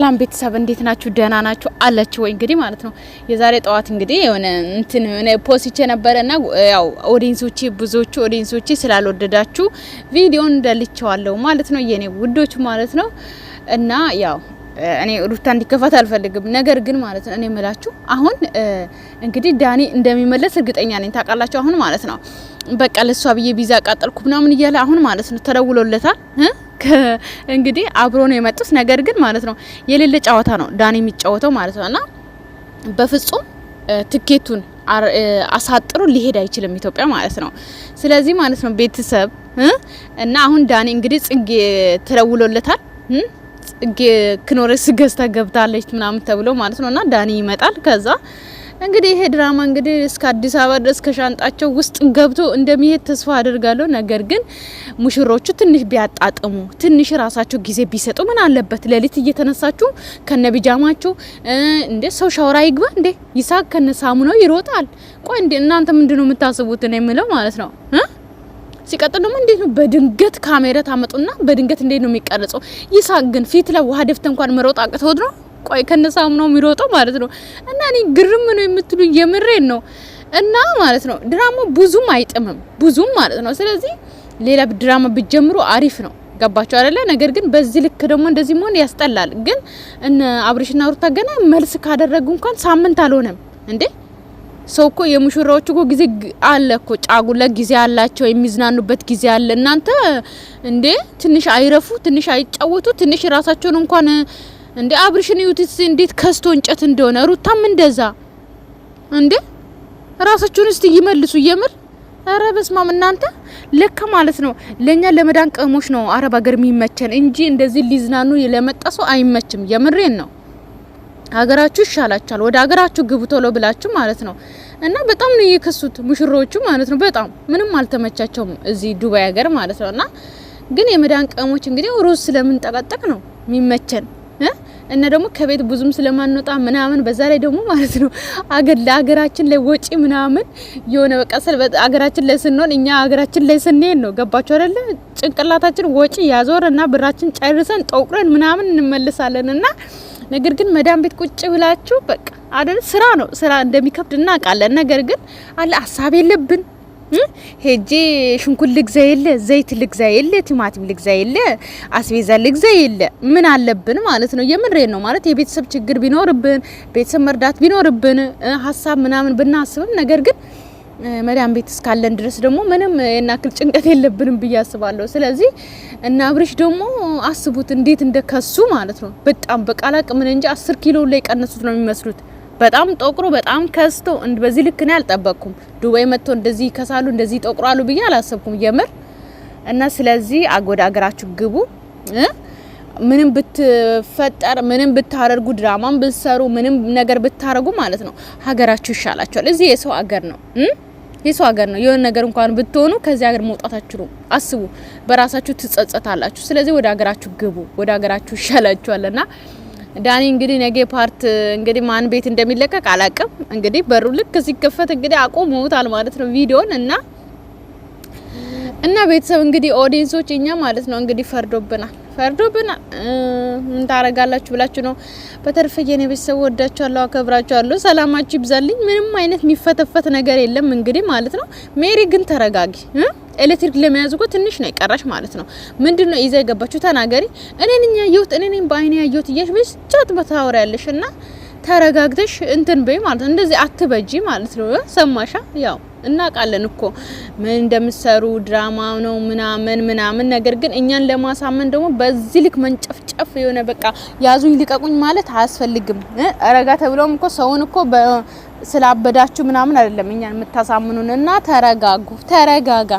ሰላም ቤተሰብ እንዴት ናችሁ? ደህና ናችሁ አላችሁ ወይ? እንግዲህ ማለት ነው የዛሬ ጠዋት እንግዲህ የሆነ እንትን የሆነ ፖስቼ ነበረና ያው ኦዲንሶቼ ብዙዎቹ ኦዲንሶች ስላልወደዳችሁ ቪዲዮን እንደልቸዋለሁ ማለት ነው የኔ ውዶች ማለት ነው እና ያው እኔ ሩታ እንዲከፋት አልፈልግም። ነገር ግን ማለት ነው እኔ ምላችሁ አሁን እንግዲህ ዳኒ እንደሚመለስ እርግጠኛ ነኝ። ታውቃላችሁ አሁን ማለት ነው በቃ ለሷ ብዬ ቢዛ ቃጠልኩ ምናምን እያለ አሁን ማለት ነው ተደውሎለታል እንግዲህ አብሮ ነው የመጡት። ነገር ግን ማለት ነው የሌለ ጨዋታ ነው ዳኒ የሚጫወተው ማለት ነው እና በፍጹም ትኬቱን አሳጥሮ ሊሄድ አይችልም ኢትዮጵያ ማለት ነው። ስለዚህ ማለት ነው ቤተሰብ እና አሁን ዳኒ እንግዲህ ጽጌ ተደውሎለታል። ጽጌ ክኖረስ ገዝታ ገብታለች ምናምን ተብሎ ማለት ነው እና ዳኒ ይመጣል ከዛ እንግዲህ ይሄ ድራማ እንግዲህ እስከ አዲስ አበባ ድረስ ከሻንጣቸው ውስጥ ገብቶ እንደሚሄድ ተስፋ አድርጋለሁ። ነገር ግን ሙሽሮቹ ትንሽ ቢያጣጥሙ፣ ትንሽ ራሳቸው ጊዜ ቢሰጡ ምን አለበት? ሌሊት እየተነሳችሁ ከነ ቢጃማችሁ እንዴ ሰው ሻወራ ይግባ እንዴ ይሳቅ ከነ ሳሙናው ይሮጣል። ቆይ እንዴ እናንተ ምንድነው የምታስቡት ነው የምለው ማለት ነው። ሲቀጥል ደግሞ እንዴት ነው በድንገት ካሜራ ታመጡና በድንገት እንዴት ነው የሚቀርጸው? ይሳቅ ግን ፊት ላይ ደፍተ እንኳን መሮጥ አቅቶት ነው ቆይ ነው የሚሮጠው ማለት ነው። እና እኔ ግርም ነው የምትሉ የምሬን ነው። እና ማለት ነው ድራማ ብዙም አይጥምም ብዙም ማለት ነው። ስለዚህ ሌላ ድራማ ብትጀምሩ አሪፍ ነው። ገባቸው አይደለ? ነገር ግን በዚህ ልክ ደግሞ እንደዚህ መሆን ያስጠላል። ግን እነ አብሪሽና ሩታ ገና መልስ ካደረጉ እንኳን ሳምንት አልሆነም እንዴ ሰው እኮ የሙሽራዎች እኮ ጊዜ አለ እኮ ጫጉላ ጊዜ አላቸው፣ የሚዝናኑበት ጊዜ አለ። እናንተ እንዴ ትንሽ አይረፉ፣ ትንሽ አይጫወቱ፣ ትንሽ ራሳቸውን እንኳን እንዴ አብርሽን ዩቲስ እንዴት ከስቶ እንጨት እንደሆነ ሩታም እንደዛ እንዴ ራሳችሁን እስቲ ይመልሱ። የምር አረ በስማም እናንተ ለካ ማለት ነው ለኛ ለመዳን ቀሞች ነው አረብ ሀገር የሚመቸን እንጂ እንደዚህ ሊዝናኑ ለመጣ አይመችም። የምሬን ነው። ሀገራችሁ ይሻላችኋል፣ ወደ ሀገራችሁ ግቡ ቶሎ ብላችሁ ማለት ነው። እና በጣም ነው የከሱት ሙሽሮቹ ማለት ነው። በጣም ምንም አልተመቻቸውም እዚህ ዱባይ ሀገር ማለት ነውና፣ ግን የመዳን ቀሞች እንግዲህ ሩዝ ስለምንጠቀጠቅ ነው የሚመቸን እና ደግሞ ከቤት ብዙም ስለማንወጣ ምናምን በዛ ላይ ደግሞ ማለት ነው አገር ለሀገራችን ላይ ወጪ ምናምን የሆነ በቃ አገራችን ላይ ስንሆን እኛ ሀገራችን ላይ ስንሄድ ነው ገባችሁ አይደለ? ጭንቅላታችን ወጪ ያዞረና ብራችን ጨርሰን ጠቁረን ምናምን እንመልሳለን እና ነገር ግን መዳም ቤት ቁጭ ብላችሁ በቃ አይደል ስራ ነው ስራ እንደሚከብድ እናውቃለን። ነገር ግን አለ ሀሳብ የለብን ሄጄ ሽንኩርት ልግዛ የለ ዘይት ልግዛ የለ ቲማቲም ልግዛ የለ አስቤዛ ልግዛ የለ ምን አለብን ማለት ነው። የምንሬን ነው ማለት የቤተሰብ ችግር ቢኖርብን ቤተሰብ መርዳት ቢኖርብን ሀሳብ ምናምን ብናስብም ነገር ግን መዳም ቤት እስካለን ድረስ ደግሞ ምንም የናክል ጭንቀት የለብንም ብዬ አስባለሁ። ስለዚህ እና አብርሽ ደግሞ አስቡት እንዴት እንደከሱ ማለት ነው። በጣም በቃላቅ ምን እንጂ አስር ኪሎ ላይ ቀነሱት ነው የሚመስሉት በጣም ጠቁሮ በጣም ከስቶ በዚህ ልክ ነው አልጠበቅኩም። ዱባይ መጥቶ እንደዚህ ይከሳሉ እንደዚህ ጠቁሮ አሉ ብዬ አላሰብኩም የምር እና ስለዚህ ወደ አገራችሁ ግቡ። ምንም ብትፈጠር ምንም ብታደርጉ ድራማም ብትሰሩ ምንም ነገር ብታደርጉ ማለት ነው ሀገራችሁ ይሻላችኋል። እዚህ የሰው ሀገር ነው የሰው ሀገር ነው። የሆነ ነገር እንኳን ብትሆኑ ከዚህ ሀገር መውጣት አትችሉም። አስቡ፣ በራሳችሁ ትጸጸታላችሁ። ስለዚህ ወደ ሀገራችሁ ግቡ። ወደ ሀገራችሁ ይሻላችኋልና ዳኒ እንግዲህ ነገ ፓርት እንግዲህ ማን ቤት እንደሚለቀቅ አላቅም። እንግዲህ በሩ ልክ ሲከፈት እንግዲህ አቆመውታል ማለት ነው ቪዲዮን እና እና ቤተሰብ እንግዲህ ኦዲየንሶች እኛ ማለት ነው እንግዲህ ፈርዶብናል ፈርዶብናል። ምን ታረጋላችሁ ብላችሁ ነው። በተረፈ የኔ ቤተሰብ ወዳችኋለሁ፣ አከብራችኋለሁ። ሰላማችሁ ይብዛልኝ። ምንም አይነት የሚፈተፈት ነገር የለም እንግዲህ ማለት ነው። ሜሪ ግን ተረጋጊ ኤሌክትሪክ ለመያዝ እኮ ትንሽ ነው የቀራሽ ማለት ነው። ምንድን ነው ይዛ የገባችሁ ተናገሪ። እኔን እኛ ያየሁት እኔን በአይኔ ያየሁት እያሽ ብቻ ጫት በታወራ ያለሽ እና ተረጋግተሽ እንትን በይ ማለት ነው። እንደዚህ አትበጂ ማለት ነው። ሰማሻ? ያው እናውቃለን እኮ ምን እንደምሰሩ ድራማ ነው ምናምን ምናምን። ነገር ግን እኛን ለማሳመን ደግሞ በዚህ ልክ መንጨፍጨፍ የሆነ በቃ ያዙኝ ልቀቁኝ ማለት አያስፈልግም። ረጋ ተብለውም እኮ ሰውን እኮ ስላበዳችሁ ምናምን አይደለም እኛን የምታሳምኑን እና ተረጋጉ። ተረጋጋ